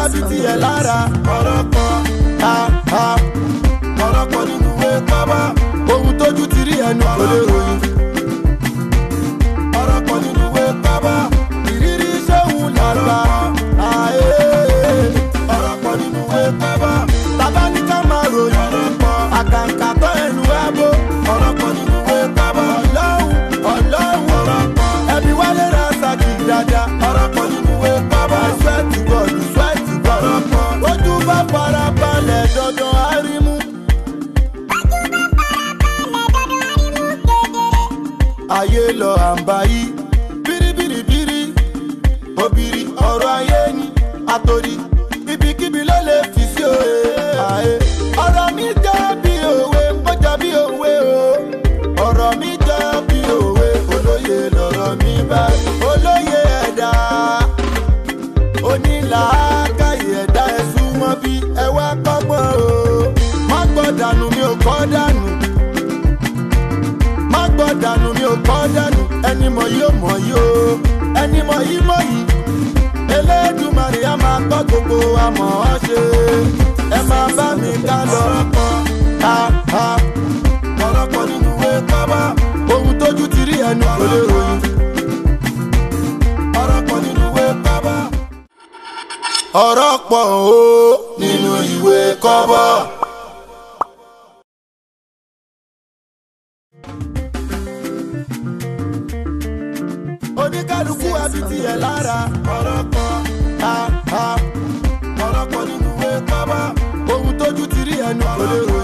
gbádùn tiẹ̀ lára ọ̀rọ̀ kan ọ̀rọ̀ kan nínú ìwé pábá ohun tójú ti rí ẹnu kò lè ròyìn. ayé lọ àǹbáyí bíríbíríbírí òbírí ọ̀rọ̀ ayé ni àtòrí ibikíbi ló lè fi sí òye àyè. ọ̀rọ̀ mi jẹ́ bí òwe ó jẹ́ bí òwe o ọ̀rọ̀ mi jẹ́ bí òwe olóye lọ̀rọ̀ mi bá olóye ẹ̀dá onílàákàyè ẹ̀dá ẹ̀sùn wọn bí ẹ wá kọ́gbọ́n o má gbọ́dọ̀ dànù mi ò kọ́ dànù dànù mi ò kọ́ dànù ẹni mọ̀ yìí ò mọ̀ yìí o ẹni mọ̀ yìí mọ̀ yìí Elédùmarè á máa gbọ́ gbogbo àmọ́ ọ́ ẹ máa bá mi ká lọ. ọ̀rọ̀pọ̀ nínú ìwé pábá ohun tójú ti rí ẹnu kò lè ròyìn. ọ̀rọ̀pọ̀ nínú ìwé pábá. ọ̀rọ̀pọ̀ o nínú ìwé kọ́bọ̀. lára ọ̀rọ̀ kan ha ha ọ̀rọ̀ kan nínú ìwé pábá ohun tójú ti rí ẹnu kò lè rò.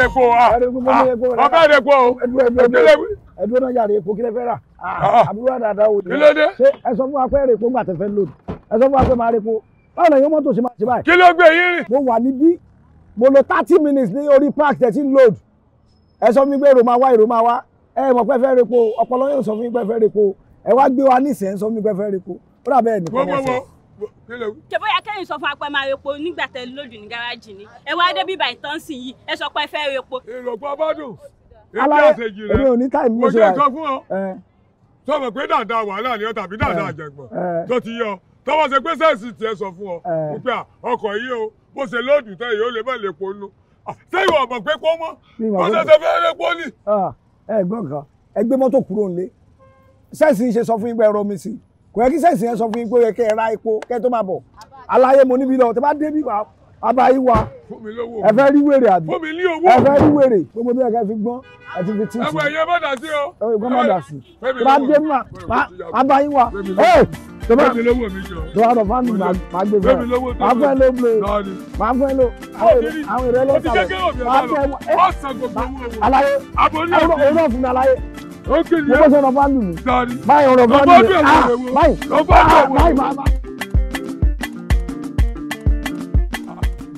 bẹ̀rẹ̀ epo wa ọ bẹ̀rẹ̀ epo o ẹdúró náà yàrá epo kí lè fẹ́ rà ah, ah, ah. àbúrò àdàdà òye kí ló dé ṣé ẹ sọ fún wa pé èrè epo ńgbà tẹ fẹ́ lòdì ẹ sọ fún wa pé máa rè epo báwo ni yóò mọ́tò ṣe máa ṣe báyìí. kí ló gbé yín rìn. mo wà níbí mo lo thirty minutes ní orí park thirteen load ẹ sọ fún mi pé èrò máa wá èrò máa wá ẹ mọ̀ pé fẹ́ rè epo ọpọlọ yóò sọ fún mi pé fẹ́ rè epo ẹ wá gbé wa nísìnyẹn sọ fún mi pé fẹ́ rè epo ó dà bẹ́ẹ̀ nìkan ní ẹsẹ̀ ṣèbó yẹ kẹ́yìn sọ fún apẹ́ máa repo nígbà tẹ lójú ní gáràjì ni ẹ wá débi bàì tán sí yìí ẹ sọ pé ẹ fẹ́ repo. ìrọ̀pọ̀ bọ́dún èyí àṣejì rẹ̀ mo ṣe sọ fún ọ sọ̀rọ̀ pé dáadáa wàhálà ni ọ tàbí dáadáa àjẹgbọ̀n tó ti yọ tọ́wọ́ ṣe pé sẹ́ẹ̀sì tiẹ̀ sọ fún ọ wípé ọkọ̀ yìí o bó ṣe lóòdù tẹ́ yìí ó lè má lè ponú ṣé ìwọ ọmọ pé kó mọ́ bó ṣe ṣe fẹ́ lè pọ́nì. ẹ gbọ́n kan ẹ gbé mọ́tò kúrò nílé sẹ́ẹ̀sì ń ṣe sọ fún yín pé ẹ rọ mi sí i kò yẹ kí sẹ́ǹsì yẹn sọ fún yín pé ó yẹ kẹ́ ẹ ra epo kẹ́ ẹ tó máa bọ̀ aláyé mo níbi lọ tẹ bá débí wa abá yín wa ẹ fẹ́ rí wèrè àbí ẹ fẹ́ rí wèrè gbogbo tó yẹ fi gbọ́n ẹ ti fi tí tì ẹ má ẹ má dà sí tó bá dé mà abá yín wa tó bá tó bá lọ fún mi máa gbé fún ẹ máa fún ẹ ló gbé máa fún ẹ ló àwọn èrè ló sàlẹ̀ máa fún ẹ aláyé ọ̀rọ̀ fún mi aláyé ó kì í ní. mo bọ́ sọ̀rọ̀ bá lù mí. báyìí ọ̀rọ̀ bá lù mí. báyìí báyìí máa bá.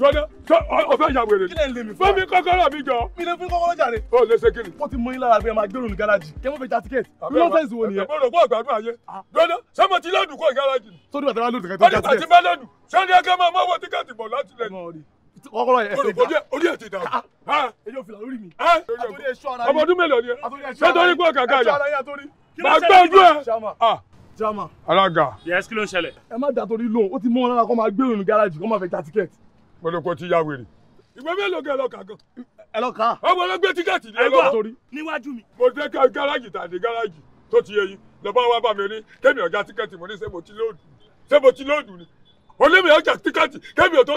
jọ́dọ̀ sọ ọ fẹ́ ya wèrè. kílẹ̀ ń lè mi fún mi kọ́kọ́rọ́ mi jọ. mi lè fún kọ́kọ́rọ́ jàre. o lè ṣe kíni. wọ́n ti mú yín lára bí ẹ máa gbèrò ní gáràjì. kẹ́ mọ́ fẹ́ ja tíkẹ́ẹ̀tì. nọ́sẹ̀nsì wo nìyẹn. ìbọ̀dọ̀ gbọ́ ọ̀gbàdùn àyè. gbọ́dọ̀ ah. ṣé mo ti lọ́dún kó gáràjì. sódù àtàwọn lòdù kẹ́tọ́ ja tíkẹ́ẹ̀tì. ọ̀dọ̀ àti bẹ́ẹ̀ lọ́dún ṣé ní ẹgbẹ́ máa mọ́wọ́ tíkẹ́ẹ̀tì bọ̀ láti lẹ́yìn kọ́kọ́rọ́ yẹn. olùkọ́jú orí ẹ̀ ti dà o. èyí ò fìlà lórí mi. àtòrí ẹ̀ṣọ́ ara yẹn. ọmọ ọdún mélòó ni ẹ. sẹ́tọ́rí pé kàkà yà. màá gbẹ́ ojú ẹ. jama. alága. yẹ́sì kí ló ń ṣẹlẹ̀. ẹ má dàtọ́rí lóhùn ó ti mú wọn lára kó máa gbé òun ní gáràjì kó máa fẹ́ ta tíkẹ́ẹ̀tì. mo ló kọ́ ti yá wèrè. ìwé mélòó kẹ́ ẹ lọ kà gan. ẹ lọ kà. ọmọ ọlọ́gbẹ́ tíkẹ́ẹ̀tì ni ẹ lọ. níwájú mi. mo dé gáràjì tàdé gáràjì tó ti yẹ yín lọ bá wa bá mi rí kémi ọ̀gá tíkẹ́ẹ̀tì mo ní ṣé mo ti lóòdù ṣé mo ti lóòdù ni olómi ọjà tíkàtì kẹ́mi ò tó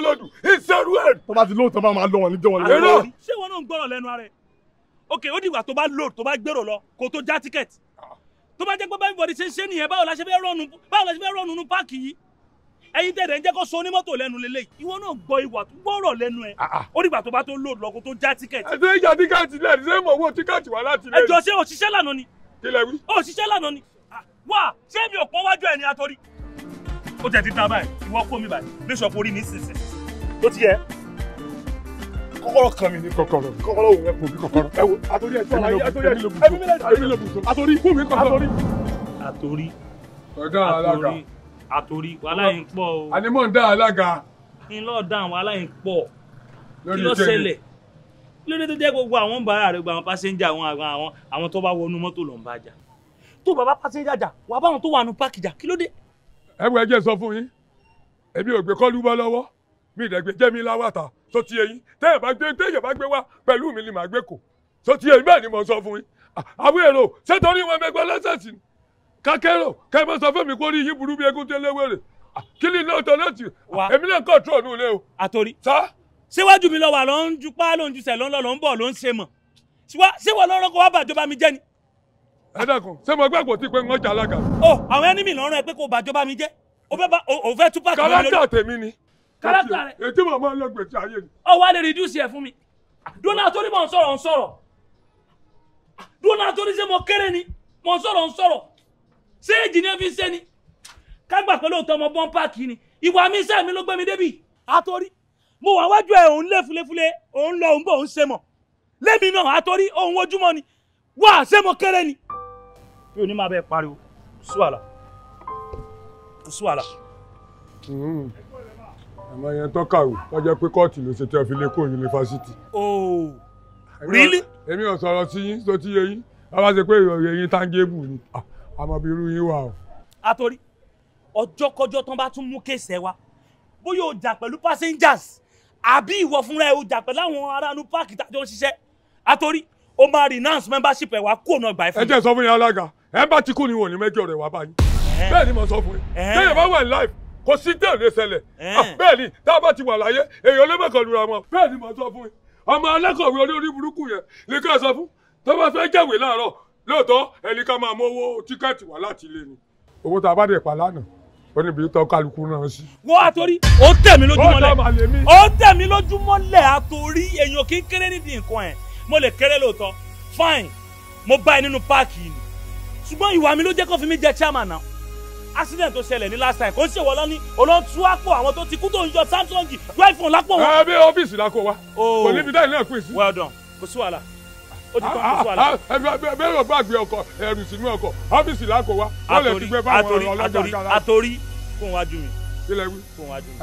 ìṣerú ẹ̀. tó bá ti lóòótọ́ bá máa lọ wọn níjọ́ wọn lẹ́nu. ṣé wọn náà ń gbọ́rọ̀ lẹ́nu ara ẹ̀ ok ó dìgbà tó bá load tó bá gbèrò lọ kó tó já tíkẹ́ẹ̀tì tó bá jẹ́ pé báyìí bọ̀dì ṣe ń ṣe nìyẹn báwo la ṣe fẹ́ rọ́ọ̀nù báwo la ṣe fẹ́ rọ́ọ̀nù nínú páàkì yìí ẹyin tẹ̀lé ń jẹ́ kó so onímọ́tò lẹ́nu lélẹ̀ ìwọ náà gbọ́ ìwà gbọ́rọ̀ lẹ́nu ẹ̀ ah, ah. ó dìgbà tó bá tó load lọ kó tó já tíkẹ́ẹ̀tì. ẹ ó tẹ̀ ti ta báyìí ìwọ kó mi báyìí bí sọ pé orí mi sísìn tó ti yẹ kọ́kọ́rọ́ kan mi ni kọ́kọ́rọ́ kọ́kọ́rọ́ òun ẹkùn mi kọ́kọ́rọ́ ẹwọ àtòrí ẹjọ ayé àtòrí ẹjọ ẹbí mi lẹjọ àtòrí lẹbùsọ àtòrí fún mi kọ́kọ́rọ́ àtòrí àtòrí àtòrí wàhálà yìí ń pọ̀ o. ànímọ̀ ń dá alága. ń lọ dá àwọn wàhálà yìí ń pọ̀ kí ló ṣẹlẹ̀ kí ló dé tó jẹ́ gbogbo àwọn bàárà rẹ̀ gba àwọn pásẹ́ńjà àwọn àwọn àwọn tó bá wọnú mọ́tò lọ́nbàjà tó bàbá pásẹ́ńjà jà wà báwọn tó wà nù páàkì jà kí ló dé ẹ wọ ẹjẹ sọ fún yín èmi ò gbé kọ́lù wá lọ́wọ́ mi ìdẹ̀gbẹ́ jẹ́ mi láwàtà tó ti eyín téèyàn bá gbé téèyàn bá gbé wá pẹ̀lú mi ni màá gbé kò tó ti eyín bẹ́ẹ̀ ni mo sọ fún yín àwọn èrò ṣé torí wọn mẹgbẹ́ lẹ́sẹ̀sì ni kákẹ́rò kẹ́ mọ́ sọ fún mi kó rí yín burú bí egun tẹ́lẹ̀ wẹ̀rẹ̀ kí ni náà tọ́lẹ̀ tì èmi náà kọ̀ trọ̀ nílé o. àtòrí síwájú mi lọ wà ló ń jupá ló ń jusẹ̀ ló ń lọ ló ń bọ̀ ló ń ṣe mọ̀ síwá síwọ lọ́rọ́ kó wá bàjọba mi jẹ́ ni ẹ dákun ṣé mo gbàgbọ́ tí pé oh, ń ọjà alága. ọ àwọn ẹni mi lọ́rùn ẹ pé kò bàjọba mi jẹ́ o fẹ́ o fẹ́ tú pàtó. kárátà tèmi ni. kárátà rẹ ètí mo máa ń lọ gbèsè ayé mi. ọ wá lè reduce ẹ fún mi dúnà torí mò ń sọ̀rọ̀ ń sọ̀rọ̀ dúnà torí ṣé mo kéré ni mò ń sọ̀rọ̀ ń sọ̀rọ̀ ṣé èjì ni ẹ fi ṣe ni kágbà pẹ̀lú òtọ́ ọmọ bọ́n páàkì ni ìwà mi sẹ́mi ló gbé mi débì. àtòrí mo wà wájú ẹ òun lé fulefule òun lọ òun bọ̀ òun ṣe mọ̀ lẹ́mi náà àtòrí òun ojúmọ́ ni wà ṣé mo kéré ni mi ò ní máa bẹ pariwo suwala suwala. àmọ́ yẹn tó kàwé tó jẹ́ pé kóòtù ló ṣe tí a fi lè kó yunifásitì. ooo oh, really. èmi ò sọ̀rọ̀ sí yín tó ti yé yín bàbá ṣe pé ìròyìn yín táǹgẹ́bù ni àmọ́ ah, bí irú yín wà o. àtòrí ọjọ́kọjọ́ tán bá tún mú kéèsì ẹ bóyá o jà pẹ̀lú passengers àbí ìwọ fúnra ẹ o jà pẹ̀lú àwọn aráàlú páàkì tàjọ ń ṣiṣẹ́ àtòrí o máa renounce membership ẹ wá kó ọ̀nà ìgbà ẹ fún mi. ẹ jẹ́ sọ fún yín alága ẹ bá ti kú ni wọn ò ní mẹ́jọ rẹ̀ wá báyìí bẹ́ẹ̀ ni mo sọ fún yín téèyàn bá wà ní life kò sí tẹ̀ lè ṣẹlẹ̀ ah, bẹ́ẹ̀ ni tá a bá ti wà láyé èèyàn lè mẹ́kàn lura wọn bẹ́ẹ̀ ni mo sọ fún yín ọmọ alákọ̀wé olórí burúkú yẹn ní ká sọ fún tó bá fẹ́ jẹ̀wé láàárọ̀ lóòótọ́ ẹni ká máa mówó tíkẹ́ẹ̀tì wá láti ilé ni owó tá a bá dẹ̀ pa lánàá ó níbi tó kálukú náà sí. wọ́n àtòrí ó tẹ̀ lójúmọ́lẹ̀ ó tẹ̀ lójúmọ́lẹ̀ àtòrí èèyàn kí nídìí nǹkan ẹ̀ mo lè kéré lóòótọ́ fine mo bá nínú páàkì yìí ṣùgbọ́n ìwà mi ló jẹ́ kó fi mí jẹ chairman náà accident tó ṣẹlẹ̀ ní last time kò ń ṣèwọ́ lọ́ní olóòtú àpò àwọn tó ti kú tó ń yọ samsung iphone lápò wọn. àbí ọ́fíìsì la wa kò níbi dáì náà pèsè. well done kò sí wàhálà ó ti tán kò sí wàhálà. Ah, ah, ah, bẹ́ẹ̀ bá gbé ọkọ̀ ẹ̀rù sínú ọkọ̀ ọ́fíìsì la wa wọ́n lè ti gbé fáwọn ọlọ́jà kára. àtòrí fún wájú mi.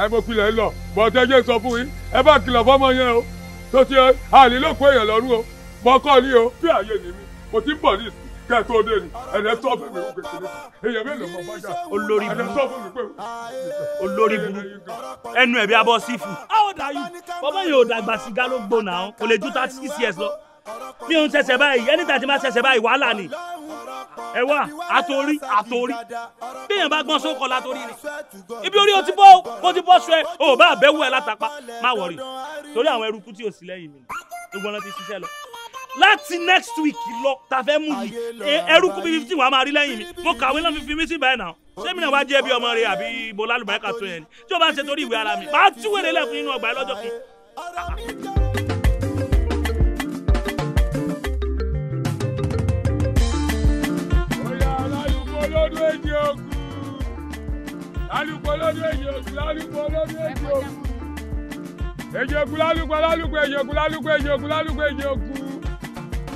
ẹ mo pilẹ̀ lọ bọ̀tẹ́jẹ́ sọ fún yín ẹ bá kìlọ̀ fọ́mọ yẹn o tó ti kẹ́ ẹ tó dé ni ẹ̀rẹ́ tó fẹ́ mi ò kékeré èèyàn mi lè mọ bájà olórí burúkú olórí burúkú ẹnu ẹ̀bí abọ́ sífù. how old are you yìí ò dàgbà sìgá ló gbóná àwọn kò lè ju thirty six years lọ mi ò ń ṣẹ̀ṣẹ̀ báyìí ẹni tàbí máa ṣẹ̀ṣẹ̀ báyìí wàhálà ni ẹ wá àtòrí àtòrí bíyàn bá gbọ́n sóko látòrí ni ibi orí o ti bọ́ o ti bọ́ sọ ẹ o bá àbẹ̀wò ẹ látàpá má wọ̀rì torí àwọn eruku tí o sì lẹ́yìn mi ìgbọ́n náà ti ṣiṣẹ́ lọ láti next week lọ tàfẹ́ mú yìí ẹrúkú bíi fifteen wàá máa rí lẹ́yìn mi mo kàwé náà fífi mí sí báyìí náà sẹ́mi náà wá jẹ́ bí ọmọ rẹ àbí bọ́lá àlùbáríkà tó yẹn ni tí o bá ṣe torí ìwé ara mi màá tú wèrè lẹ́kùn nínú ọgbà ẹ lọ́jọ́ kan. lọ́dún èjì ogun lálùpọ̀ lọ́dún èjì ogun lálùpọ̀ lọ́dún èjì ogun èjì ogun lálùpọ̀ lálùpọ̀ èjì ogun lálùpọ̀ èjì ogun lálùpọ̀ èjì ogun.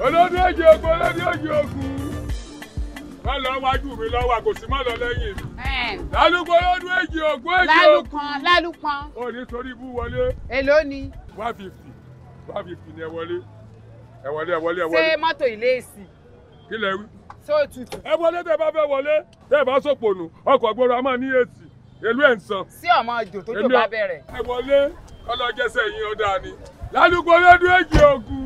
olódé òjì ogun olódé òjì ogun má lọ wájú mi lọ́wọ́ àkòsí má lọ lẹ́yìn mi. lálùkọ olódé òjì ogun èjì ogun. lálùkan lálùkan. o ní sórí ibú wọlé. èló ni. one fifty one fifty ni ẹ wọlé ẹ wọlé ẹ wọlé ẹ wọlé. ṣé mọ́tò ilé èsì. kí lẹ wí. tó tutù. ẹ wọlé tẹ bá fẹ́ wọlé tẹ bá sòpònù ọkọ̀ gbòòrò a máa ní èsì èlú ẹ̀ ń san. sí ọmọ òjò tó jò bá bẹ̀rẹ̀. ẹ wọlé kọlọ jẹsẹ ó dáa ni lálùkọ olódé èjì ogun.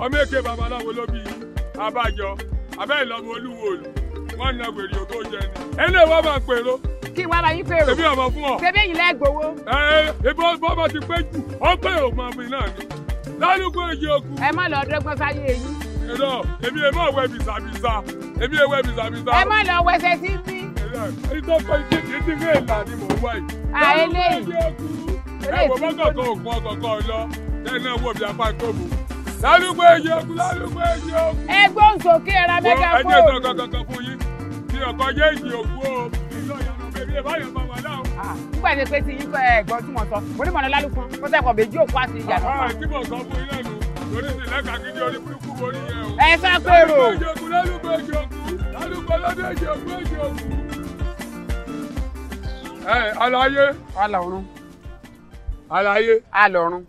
ọmọ èké babaláwo ló bí abájọ abẹ́ ìlọ́mọ olúwo òlù wọ́n na wèrè ògbó jẹ ni ẹlẹ́ wọ́n máa pèrò. kí wàá bá yín pèrò ṣebí ọmọ fún ọ ṣebí èyí lẹ́gbọ̀wọ́. ẹ ẹ ibi ọgbọ́n bá ti pé jù ó pé òògùn àmì náà ni lálùkù èyí okùn. ẹ má lọ dọ́gbọ́n sáyé eyín. ẹ̀rọ èmi èmi ọ̀wẹ́ bìsàbìsà èmi èwẹ́ bìsàbìsà. ẹ má lọ wẹsẹ̀ sí sí. ìtọ́kọ ìdílé ìlà ni mò ń wá àìlè ẹ wò lálùpọ̀ èjì ogun lálùpọ̀ èjì ogun. ẹ gbóhùn sókè ẹ̀rọ mẹ́ta fún òòlù. ẹ jẹ́ sọ kankan fún yín bí ọkọ jẹ́ èjì ogun o ìlọ ìyanu bèbí ẹ̀ báyọ̀ bá wà láwọn. nígbà tí pé ti yín ẹ̀gbọ́n tí mo sọ mo ní mọ̀nà lálùpọ̀ mo sẹ́kọ̀ọ́ bèjì òkú àti ìyànà. àwọn àti mo sọ fún ilé nu lórí ìsìnlẹ̀ kàkíndé orí burúkú borí yẹn o. ẹ sá pé rò. lálùpọ̀ èjì ogun lálùpọ̀ lọ́dọ̀ èjì ogun èjì ogun. ẹ aláyé. alọ̀run. aláyé. alọ̀run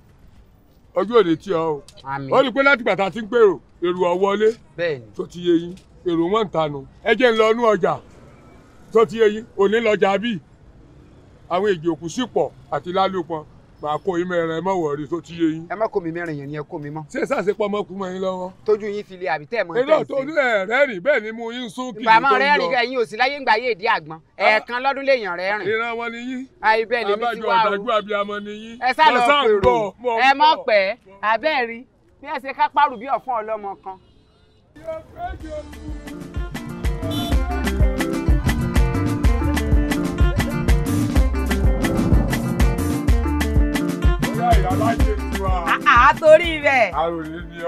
ọjọ́ òde tí a o ó rí i pé láti gbàtà tí ń pèrò èrò ọ̀wọ́lé tó ti yé yín èrò wọn ń tanu ẹ jẹ́ ń lọ inú ọjà tó ti yé yín òní lọ́jà bíi àwọn èjì òkú sípọ̀ àti lálùpọ̀n màá kó yín mẹ́rin ẹ má wọ̀rí tó ti yé yín. ẹ má kó mi mẹ́rin yẹn ni ẹ kó mi mọ́. ṣé sàṣẹ pọ̀ mọ́kú mọ́ yín lọ́wọ́. tójú yín fi lè àbí tẹ́ ẹ̀ mọ́ tẹ́ ẹ̀ sí. ẹ lọ́ọ̀ tó ní ẹ̀rẹ́rìn bẹ́ẹ̀ ni mo yín sún kìlì tó ń lọ. bàmọ́ rẹ́rìn ẹ̀yin ò sí láyé ń yé èdè àgbọn ah. ẹ̀ẹ̀kan lọ́dún lèèyàn rẹ́rìn. ìran wọn ni yín. àì ah, bẹ́ẹ̀ lèmi ti wá o. àbájọ ọ̀dájú abiyamọ ni yín. ẹ sá àá ah. ah, ah, torí rẹ̀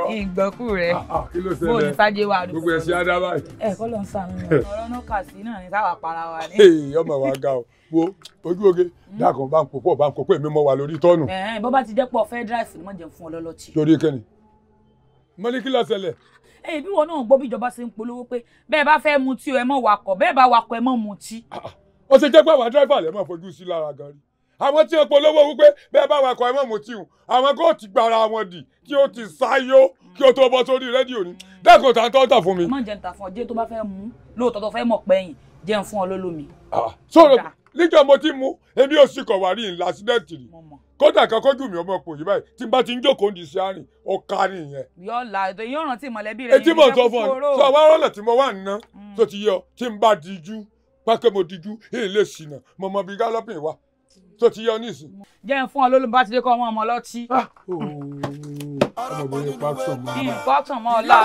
ìgbọ́kù rẹ̀ mo ní sájé wa àdúgbò ẹ̀ sí adaba yìí. ẹ kọ́ ló ń sàánú mi ọ̀rọ̀ náà kà sí náà ní táwa para wa ní. ọmọ wa ga o wo ojú oge hmm. dákun bá ń pò pọ̀ bá ń pò pé mi mọ wà lórí tọ́nù. bó bá ti dẹ́pọ̀ fẹ́ dráìfì ni wọ́n jẹ́ fún ọ lọ́lọ́tì. torí kẹ́ni mo ní kí ló ṣẹlẹ̀. ẹ bí wọn náà gbọ́ bí ìjọba ṣe ń polówó pé bẹ́ẹ̀ bá fẹ́ mutí o ẹ má wakọ̀ bẹ́ẹ̀ bá wakọ̀ ẹ má mutí. ó ṣe jẹ́ pé àwa dráìfà lè máa fojú sí lára gan-an àwọn tí ó polówó wípé bẹ́ẹ̀ bá wakọ̀ ẹ̀ mọ̀ mọ̀ tí àwọn kò ti gbara wọn dì kí o ti sáyó kí o tó bọ́ sórí rédíò ni dẹ́kun ta tọ́ tà fún mi. má jẹun ta fún ọ jẹ tó bá fẹ́ mú lóòótọ́ tó fẹ́ mọ̀ pẹ́yìn jẹun fún ọ lólómi. sọ̀rọ̀ níjọ́ mo ti mú ebi ò sì kọ̀ wá rí ìlà rí kódà kan kójú mi ọmọ pòyì báyìí tí n bá ti ń jókòó ní iṣẹ́ àárín ọ̀ka nìyẹn. yọ la ètò yóò rántí mọ̀lẹ́bí rẹ yìí ní ìdákùúrò. sọ wá rọlẹ̀ tí mo wà ń tó mm. ti yọ tí n bá dijú pákẹ́ mo dijú èlé ṣìnà mo mọ gálọ́pìn wa tó ti yọ nísìn. jẹ́ ń fún ọ lólùm bá ti dé kọ́ ọmọ ọmọ ọlọ́tí. Ah! ọmọbìnrin pásítọ̀ mọ́ ọlá. pásítọ̀ mọ́ ọlá.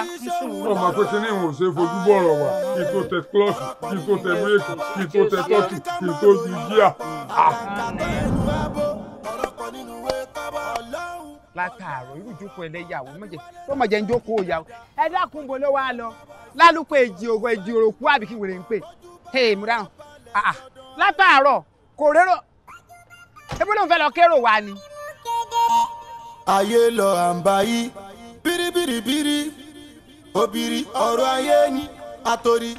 ọmọ pé ní ìwọ̀n ṣe fojú bọ̀rọ̀ wá kí tó tẹ klọ́ọ̀kì kí tó tẹ méèkì kí tó tẹ tọ́kì kí tó ju jíà. Ah! látàárọ̀ irú ìjókòó ẹlẹ́yàwó mọ̀jẹ̀ tó mọ̀jẹ̀ ń jókòó yàwó ẹ dákun bo ló wá lọ lálùkọ èjì òkò èjì òròkú àbíkí wèrè ń pè Hey, múra hàn ah, látàárọ̀ kò rérò ebí ló ń fẹ́ lọ kérò wa ni. ayé lọ àǹbáyí bíríbíríbírí òbírí ọ̀rọ̀ ayé ni àtòrí.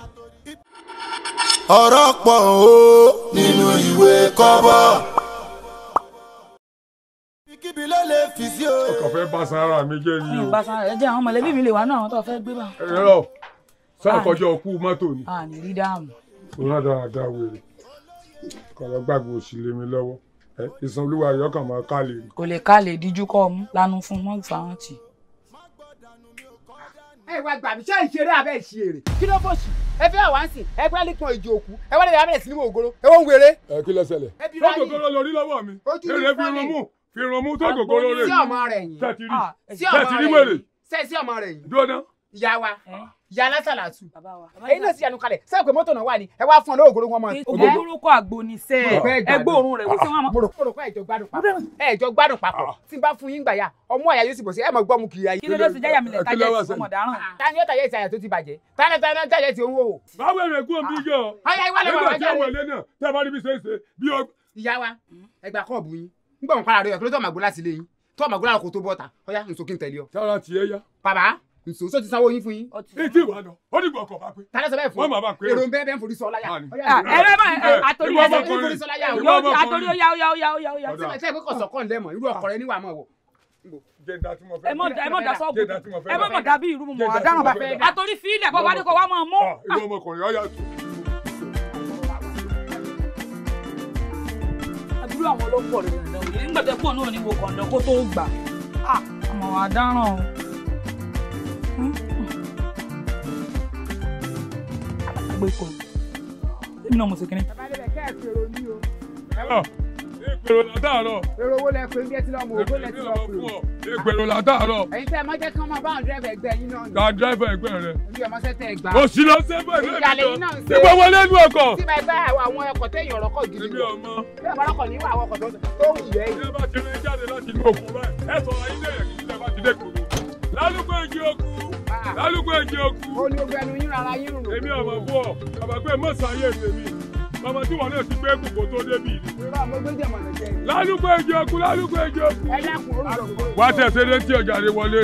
ọ̀rọ̀ pọ̀ o nínú ìwé kọ́bọ̀. kíbi ló lè fi sí o. ọkọ̀ fẹ́ bá sanra mi jẹ́ ni o. bá sanra rẹ jẹ́ àwọn mọ̀lẹ́bí mi lè wà náà àwọn tó fẹ́ gbé bá. ẹ lọ sáà ah. ọkú mọ́tò ni. a ah, ní rí dáàmú. ó rán dáadáa wèrè kọ́ lọ gbàgbé mi lọ́wọ́ ìsanolúwa yọkàn máa kálẹ̀. kò lè kálẹ̀ díjú kọ́ ọmú lanu fún mọ́ ìfarantì. ẹ wá gbà mí ṣé ìṣeré abẹ́ ìṣeré kí ló bó ṣì ẹ fẹ́ àwọn àǹsìn ẹ gbẹ́ lẹ́kùn ìjì òkú ẹ wá lè abẹ́rẹ́ sí ní ògoro ẹ wọ́n ń wéré. ẹ kí ló ṣẹlẹ̀. tó gògóró lórí lọ́wọ́ mi èrè fi irun mú fi irun mú tó gògóró rẹ̀. sí ọmọ rẹ̀ yìí ah, sí ọmọ rẹ̀ yìí sẹ́ẹ̀ sí ọmọ rẹ̀ yìí. dúró náà ìyá wa ìyá alásàlátù èyí náà sì yanu kalẹ̀ sẹ́yìn pé mọ́tò náà wà ní ẹ wá fún ọ lóògùn wọn mọ́. ògùnrúkọ àgbonisẹ́ ẹgbẹ́ òórùn rẹ̀ wíṣọ wọn mọ́. mo rò pé ẹ̀jọ̀ gbádùn papọ̀ ẹ̀jọ̀ gbádùn papọ̀ ah. tí n bá fún yín gbàyà ọmọ àyà yóò sì bọ̀ sí ẹ̀ mọ̀ gbọ́ mu kì í ayé. kí ló dé sí jáyà mi lẹ̀ tájẹ́ ti ọmọ dáràn. Ah. tani ó tàyẹ̀ ìsàyà tó ti bàjẹ́ tani tani tájẹ́ ti owó. báwo ẹ̀rẹ̀ kú omi yọ ah. nígbà tí àwọn ilé náà tẹ́ bá rí bí ṣe é ṣe bí ọ. ìyá wa ẹgbà kọ́ọ̀bù yín ń gbọ̀n para rẹ̀ ọ̀kẹ́lẹ́tọ̀ màgbó láti lé yín tó màgbó lára kò tó bọ́ta ọ̀yá nsókè ń tẹ̀lé ọ. sára tiẹ̀ yá. bàbá nso so ti sanwó yín fún yín. etí ìwà lọ ó dìgbò ọkọ̀ bá pé. tálá sọ bẹ́ẹ̀ fún wọn máa pé o. èrò ń bẹ́ẹ̀ bẹ́ẹ̀ ń forí sọ láyà. ẹ̀rọ bá àtòrí ẹ̀sẹ̀ ń forí sọ láyà o. àtòrí ó yá ó yá ó yá ó yá ó yá. ṣé ẹ pé kò sọ̀kọ́ ńlẹ̀ mọ̀ irú ọkọ̀ rẹ níwà máa wọ̀. ẹ mọ̀ da sọ́ọ̀bù ẹ mọ̀ mọ̀ dàbí irú mọ̀ àdáràn bá àtòrí fílẹ̀ bọ́ wá ní wá máa mú. Ah, gbé kọ èmi náà mo ṣe kínní. bàbá rẹ̀ kẹ́ ẹ̀ fèrò ní o. ẹ̀rọ èpèrò látàárọ̀. èrò owó lẹ pé bí ẹ ti lọ mọ owó lẹ ti lọ fún o. èpèrò látàárọ̀. ẹ̀yin tẹ ẹ má jẹ́ kí wọn máa bá àwọn dírẹ́fà ẹgbẹ́ yín náà. ta dírẹ́fà ẹgbẹ́ rẹ. ojú ọmọ sẹ́tẹ̀ ẹgbà. òsì lọ sẹ́fọ̀ ẹgbẹ́ mi lọ. ìyàlẹ̀ yín náà ń ṣe. ìgbà wọlé inú ọkọ̀. tí bàbá àwọn ọkọ̀ tẹ èèyàn rọkọ̀ gidi. èmi ọmọ. bí ọmọ rọkọ̀ ní ìwà àwọn ọkọ̀ tó ń yẹ yìí. ẹ bá ti rin jáde láti inú òkun báyìí ẹ sọ lálùkù ẹ̀jẹ̀ òkú. ó ní ogun ẹnu yín rárá yín rùn. èmi ọmọ bú ọ bàbá pé mọ̀sáyé tèmi bàbá tí wọn náà ti gbé kòkó tó débi. lálùkù ẹ̀jẹ̀ òkú lálùkù ẹ̀jẹ̀ òkú. ẹ dákun ó lọ. wá tẹ̀sẹ̀ dé tí ọjà rẹ wọlé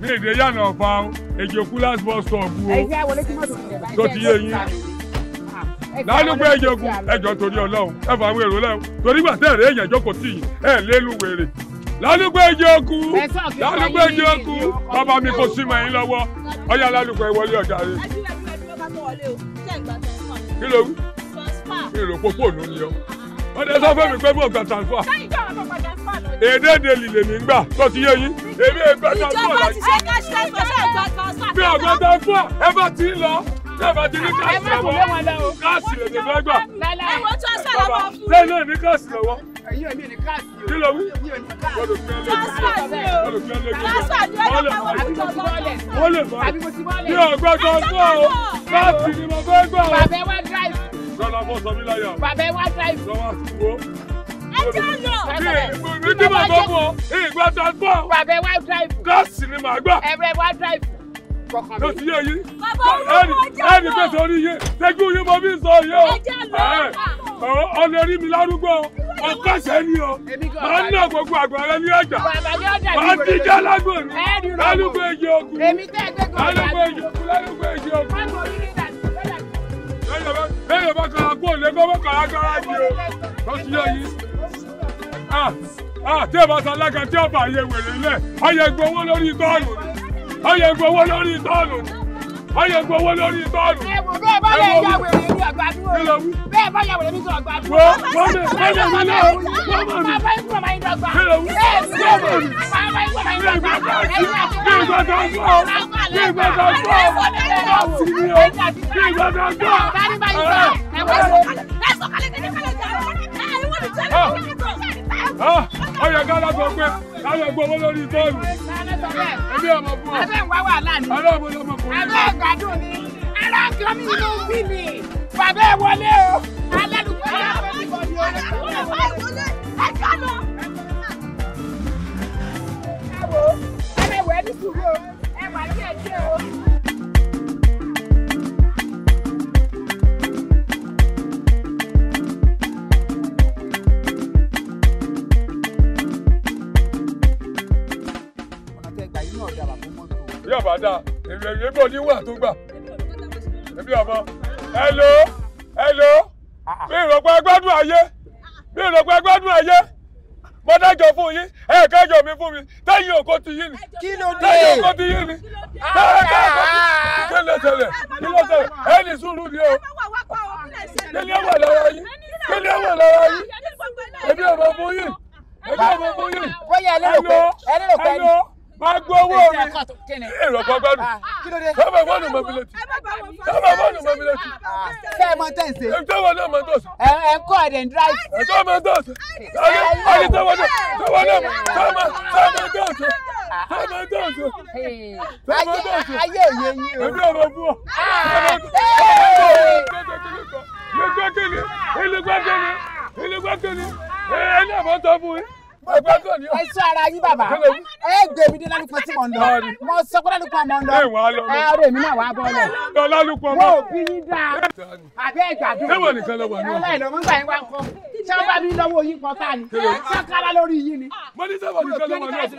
ní èdè yànnà ọ̀fà ẹ̀jẹ̀ òkú last bus stop o. ẹ jẹ́ wọlé tí mọ́tò ti rẹ̀ bá jẹ́ tó ti yé yín lálùgbé ìjẹkù ẹjọ torí Ọlọ́run ẹ fà àwọn èrò lẹwọ torí gbà tẹ ẹrẹ èèyàn jókòó tì yín ẹ lélu wèrè lálùgbẹ́jì okú lálùgbẹ́jì okú bàbá mi kò sí mọ̀ yín lọ́wọ́ ọ̀yà lálùgbẹ́ wọlé ọ̀dà rẹ̀. kí ló wí kí ló pọ̀ fóònù ni ọ́ ah, ah, ah. wọ́n dẹ́ sọ fún mi pé mo gbà tàǹfà èdè dèlì lèmi ń gbà tó ti yé yín èmi ò gbà tàǹfà ìjọba ti ṣe cashless kò ṣe àgbà tàǹfà. mi ò gbà tàǹfà ẹ bá ti ń lọ ṣé ẹ bá ti ní káàsì lọ́wọ́ káàsì lèmi fẹ́ gbà. lẹ́yìn náà ní káàsì lọ́wọ́ ẹ̀yin ò ní ní káàsì o. kí ló wí. transfer ni o transfer ni o àbí mo ti bọ́ọ̀lẹ̀. mi ò gbọ́dọ̀ gbọ́ o káàsì ni mo fẹ́ gbọ́ o. bàbá ẹ wá drive. sọlá fọ sọmi láyà. bàbá ẹ wá drive. sọlá ti wo. ẹ jẹ́ lọ. mi ti máa bọ́ fún ọ ìgbọ́dọ̀ gbọ́. bàbá ẹ wá drive. káàsì ni màá gbà. ẹ̀rọ ẹ wá drive kọkàn mi. ló ti yé yín. bàbá olówó ọjà náà. ẹnì pèsè orí yé tẹ́jú yín mo fi ń sọ ọkọ̀ṣẹ́ ni o máa ń ná gbogbo àgbàrá ní ọjà máa ń díjà lágbòrò lálùgbò èyí okùn lálùgbò lálùgbò ọyẹ gbowó lórí bọ́ọ̀lù. ẹ wò bẹ́ẹ̀ bá yẹ ìyá wèrè ní àgbàdo rẹ bẹ́ẹ̀ bá yẹ wèrè ní àgbàdo rẹ. wọ́n mọ̀ mi wọ́n mọ̀ mi náà wọ́n mọ̀ mi. bàbá ikú màmá yín dọ̀gba. kí ló wú wọ́n mọ̀ mi. bàbá ikú màmá yín dọ̀gba. kí ìgbà tó ń bọ̀ kí ìgbà tó ń bọ̀ wọ́n sì ní o kí ìgbà tó ń bọ̀. bàbá mi bá yín sọ ẹ̀ wọ́n sọ ọyọ gánà sọ pé káyọ gbowó lórí bọ́ọ̀lù ẹbí ọmọ fún ọ ẹbẹ ń wá wàhálà ni ọmọ lọmọ kò ní. ẹbẹ ìgbádùn ni ara kan mi ló wí bàbá ẹ wọlé o alálùpùpù ẹ wọlé ẹ ká lọ. ẹ wo ẹ wẹ ní sùúrù ẹ wà ní ẹjẹ o. padà èrè èrè bọ̀ níwà tó gbà ẹbí ọmọ hello hello mi ìrọ̀pọ̀ agbádùn ayé mi ìrọ̀pọ̀ agbádùn ayé mo dájọ fún yín ẹ kẹjọ mi fún mi tẹ̀yin òkò ti yín ni tẹ̀yin òkò ti yín ni tẹ̀yin òkò ti yín ni kí ló ṣẹlẹ̀ kí ló ṣẹlẹ̀ ẹ ní sùúrù ni o kí ló wà lára yín kí ló wà lára yín ẹbí ọmọ fún yín ẹbí ọmọ fún yín hello hello máa gbọ́ owó mi èrò gbọ́gbọ́dù sábà fọ́ọ̀nù mọ́bílẹ́tì sábà fọ́ọ̀nù mọ́bílẹ́tì. ṣé ẹ mọ tẹ̀sí. ẹ tọ́wọ́ náà mọ tọ̀sí. ẹ ẹ kọ́ ẹ̀ dẹ̀ ń dra ìsì. ẹ tọ́wọ́ mọ tọ̀sí. ẹ ní tọ́wọ́ náà tọ́wọ́ náà tọ́wọ́ tọ́wọ́ tọ̀sí. tọ́wọ́ tọ̀sí. tọ́wọ́ tọ̀sí. ayé òye yín o. ẹbí ọmọ fún ọ. ẹlẹgbẹ́ kele ẹlẹgbẹ́ kele ẹlẹgbẹ́ kele ẹ ẹ sọ ara yín bàbá ẹ gbé mi dé lálùpọ̀ tí mo ń lọ mo sọ pé lálùpọ̀ mo ń lọ ẹ ọ̀rẹ́ mi náà wà á bọ́ lọ. lọ lálùpọ̀ mọ́. wọ́n bí yín dáa àbẹ́ ìgbàdùn. ṣé wọ́n nìkan lọ wà ní. ọlọ́ọ̀ ìlọ́mọ gbà yín wá kọ́ ṣé wọ́n bá mi lọ́wọ́ yín pọ̀ tá ni ṣé lórí yín ni. mo ní sẹ́wọ̀n nìkan lọ wà ní.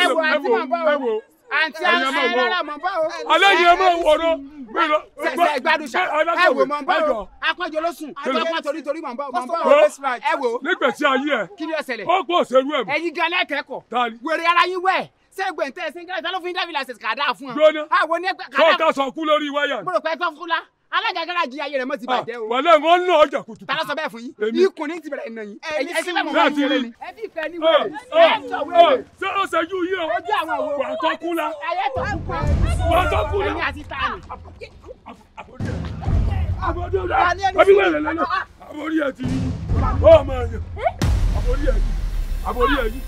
ẹ wò àti màbá wò àǹtí àwọn ẹlẹ́rà mọ̀ bá o. aláyé ẹ máa wọ̀rọ̀ mi lọ. sẹsẹ ìgbádùn ṣá ẹ wò mọ̀ bá o apájọ ló sùn àti apá torí torí mọ̀ bá o mọ̀ bá o ẹ wò. nígbèsí ayé ẹ kí ni ó ṣẹlẹ̀. ó gbọ́ òṣèlú ẹ̀ mọ́. ẹ̀yin gan lẹ́kẹ̀ẹ́kọ̀ wèrè ara yín wẹ̀ sẹ́gbẹ̀ntẹ́ sẹ́gbẹ̀ntẹ́ ló fi ń dábìlà ṣèkàdá fún ọ. gbóná àwọn onígbà kàdá. tó o ta sọkún lórí wáyà. mo rò pé ẹ gbọ́ fúnla alága garaji ayé rẹ mọ ah, bàjẹ́ o. wàlẹ́ wọn ń nà ọjà kutu. tala sọ bẹ́ẹ̀ fún yín ikùn ní ti bẹ̀rẹ̀ ìnà yín. ẹni sí mọ̀ máa ń yẹrẹ ni. ẹbí ìfẹ́ ni wẹ́rẹ́ ah, ah, ẹ jọ wẹ́rẹ́. ṣé o ṣe yú yí o. ojú àwọn òwe wà á tọ́ kú ayé tó kú pa. wà á ẹni àti ta àbọ̀dé rẹ àbí wẹ́rẹ́ lẹ́nu àbọ̀dé ẹ̀ ti yí o máa yẹ àbọ̀dé ẹ̀ yí àbọ̀dé ẹ̀ yí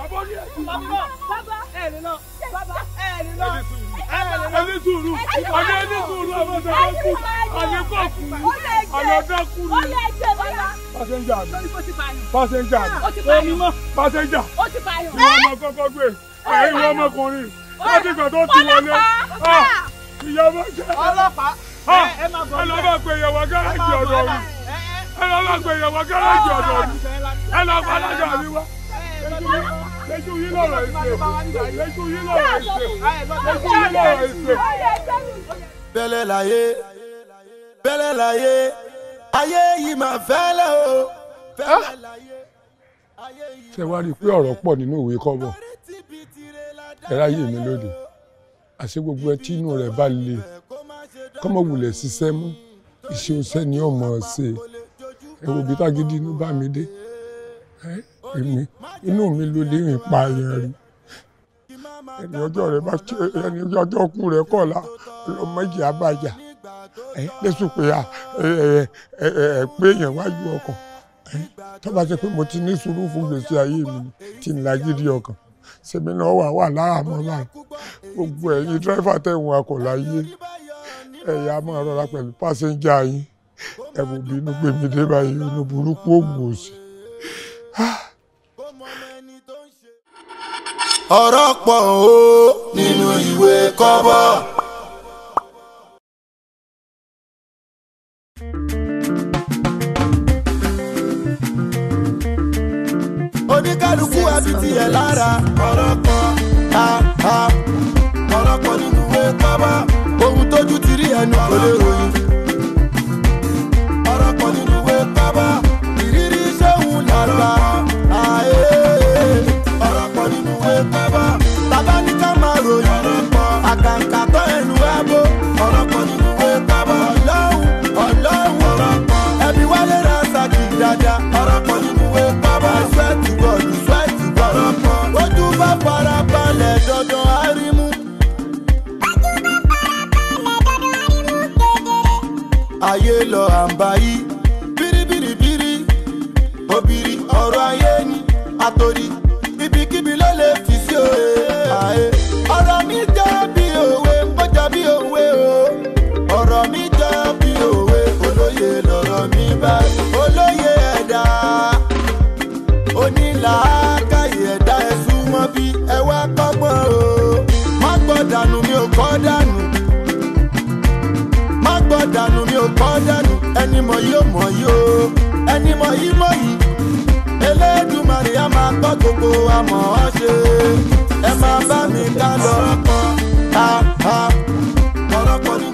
bàbá ó ẹ lọ bá pe ìyàwó gáràjì ọ̀dọ̀ mi ẹ lọ bá pe ìyàwó lẹ́jú yín lọ́rọ̀ ẹ̀sẹ̀ lẹ́jú yín bẹ́lẹ̀ láyé bẹ́lẹ̀ láyé ayé yìí máa fẹ́lẹ̀ o fẹ́lẹ̀ ah! láyé. ṣé wàá rí i pé ọ̀rọ̀ pọ̀ nínú ìwé kọ́bọ̀ ẹ̀rá yìí mi lóde àṣé gbogbo ẹ tí inú rẹ̀ bá le kọ́mọ wulẹ̀ ṣiṣẹ́ mú iṣẹ́ oṣẹ́ ni ọmọ ṣe ẹ bí tágídí inú bá mi dé. Eh? èmi inú mi ló lè rìn pa yẹn rí ẹni ọjọ́ rẹ bá ṣe ẹni ọjọ́ kú rẹ kọ̀la ọlọ́mọdé abájà ẹ lẹ́sùn pé ẹ ẹ ẹ pé èèyàn wájú ọkàn tó bá ṣe pé mo ti ní sùúrù fún gbèsè ayé mi tí ń lágídí ọkàn sèmi náà wà wà láhàámọ́ báyìí gbogbo ẹ̀yin dírẹ́fà tẹ̀wọ̀n akọ̀láyé ẹ̀yà máa rọra pẹ̀lú pásẹ́ńjà yín ẹ̀bùn bínú gbèmídé báyìí inú burúkú ògùn òsì. Ah! ọ̀rọ̀ pọ̀ o nínú ìwé kọ́bọ̀. oníkálukú àbí tiẹ̀ lára ọ̀rọ̀ pọ̀ ha ha ọ̀rọ̀ pọ̀ nínú ìwé kọ́bọ̀ ohun tójú ti rí ẹnu kò lè ròyìn. rajà ọ̀rọ̀pọ̀ ni mo wé pamọ́. I swear to God, I swear to God. ọ̀rọ̀pọ̀ ojú bá fara balẹ̀ dandan árímú. ayé lọ àǹbáyí bíríbíríbírí òbírí ọ̀rọ̀ ayé ni àtòrí ibikíbi ló lè fi sí òye. làákàyè ẹ̀dá ẹ̀sùn mọ́ bí ẹ wá kọ́gbọ́n o má gbọ́ dànù mi ò kọ́ dànù má gbọ́ dànù mi ò kọ́ dànù ẹni mọ̀ yìí ò mọ̀ yìí o ẹni mọ̀ yìí mọ̀ yìí Elédùmarè á máa kọ́ gbogbo àmọ́ ọ́ ṣe ẹ máa bá mi ká lọ́rọ́ kan ha ha ọ̀rọ̀ pọ̀ ní.